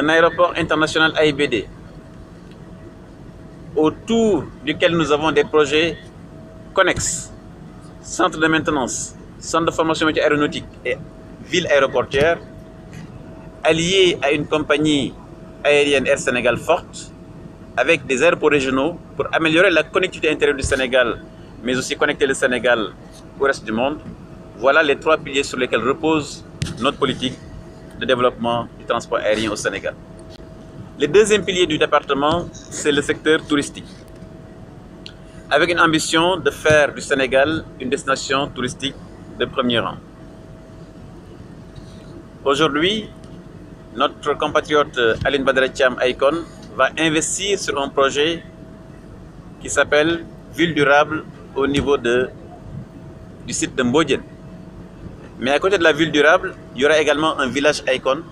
un aéroport international AIBD, autour duquel nous avons des projets connexes, centre de maintenance, centre de formation aéronautique et ville aéroportière, allié à une compagnie aérienne Air Sénégal forte, avec des aéroports régionaux pour améliorer la connectivité intérieure du Sénégal, mais aussi connecter le Sénégal au reste du monde. Voilà les trois piliers sur lesquels repose notre politique de développement transport aérien au Sénégal. Le deuxième pilier du département, c'est le secteur touristique. Avec une ambition de faire du Sénégal une destination touristique de premier rang. Aujourd'hui, notre compatriote Aline Badretiam Aikon va investir sur un projet qui s'appelle Ville durable au niveau de, du site de Mbodjen. Mais à côté de la ville durable, il y aura également un village Aikon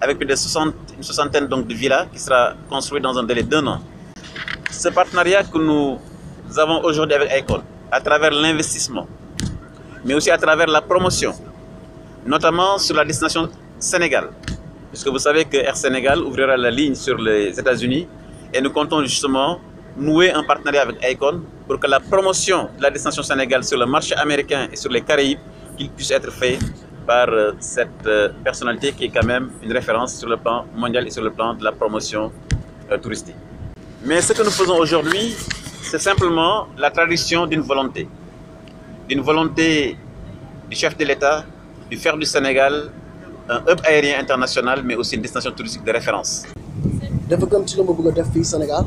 avec plus de 60, une soixantaine donc, de villas qui sera construite dans un délai d'un an. Ce partenariat que nous avons aujourd'hui avec Icon, à travers l'investissement, mais aussi à travers la promotion, notamment sur la destination Sénégal, puisque vous savez que Air Sénégal ouvrira la ligne sur les États-Unis et nous comptons justement nouer un partenariat avec Icon pour que la promotion de la destination Sénégal sur le marché américain et sur les Caraïbes puisse être faite par euh, cette euh, personnalité qui est quand même une référence sur le plan mondial et sur le plan de la promotion euh, touristique. Mais ce que nous faisons aujourd'hui, c'est simplement la tradition d'une volonté, d'une volonté du chef de l'État de faire du Sénégal un hub aérien international, mais aussi une destination touristique de référence. Je gëm ci bëgg Sénégal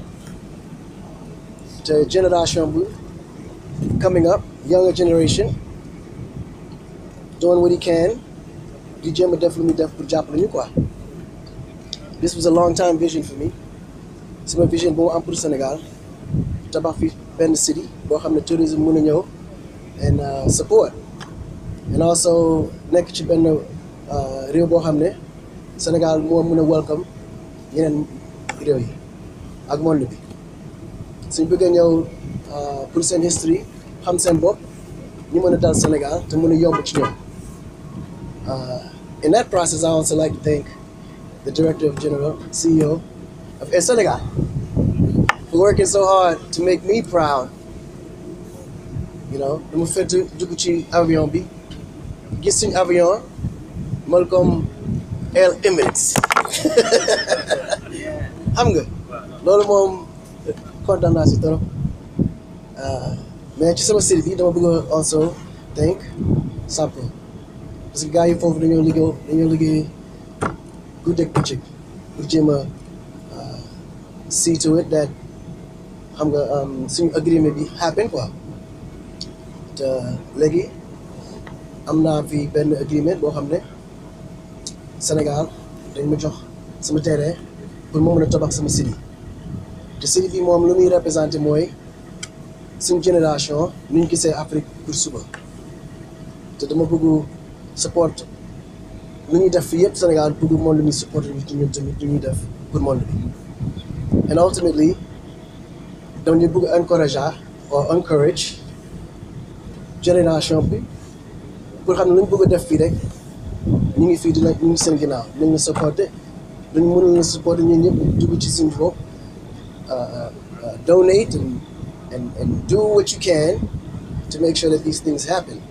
la génération coming up younger generation doing what he can DJ will definitely def lu muy def this was a long time vision for me my vision for am pour Sénégal tabax fi benn city Boham the tourism tourisme and uh, support and also nekk ci benn uh, réew Sénégal more mën welcome yeneen réew yi ak monde bi suñ uh, history Ham Senbo, bopp ñu mën a Sénégal to mën a uh, in that process, I also like to thank the director of general CEO of Air Senegal for working so hard to make me proud. You know, dama fett dugg ci avion bi gis suñu avion mal comme Air Emirates xam nga I moom kontaan naa si trop uh, mais ci sama série bi dama bëgg also thank something. parce que gars yi foofu dañoo liggéey dañoo liggéey guddi ak bëccëg pour jéem a euh, see to that xam nga um, suñu agreement bi happen quoi te léegi am naa fi benn agreement boo xam ne Sénégal dañ ma jox sama terrain pour ma mën a tabax sama city te city bi moom lu muy représenté mooy suñ génération nuñ gisee Afrique pour suba te dama bëgg. support mini def yëpp Sénégal pour monde mi to. ñu ñun tamit lu ñuy def pour monde bi and ultimately don't you encourage or encourage génération B? pour xam ne lu ñu bëgg a def fii rek ñu ngi fii dina ñu ngi seen ginnaaw nañ la supporter dañ mën na supporter ñun ñëpp dugg ci suñu bopp euh, euh, donate and, and and do what you can to make sure that these things happen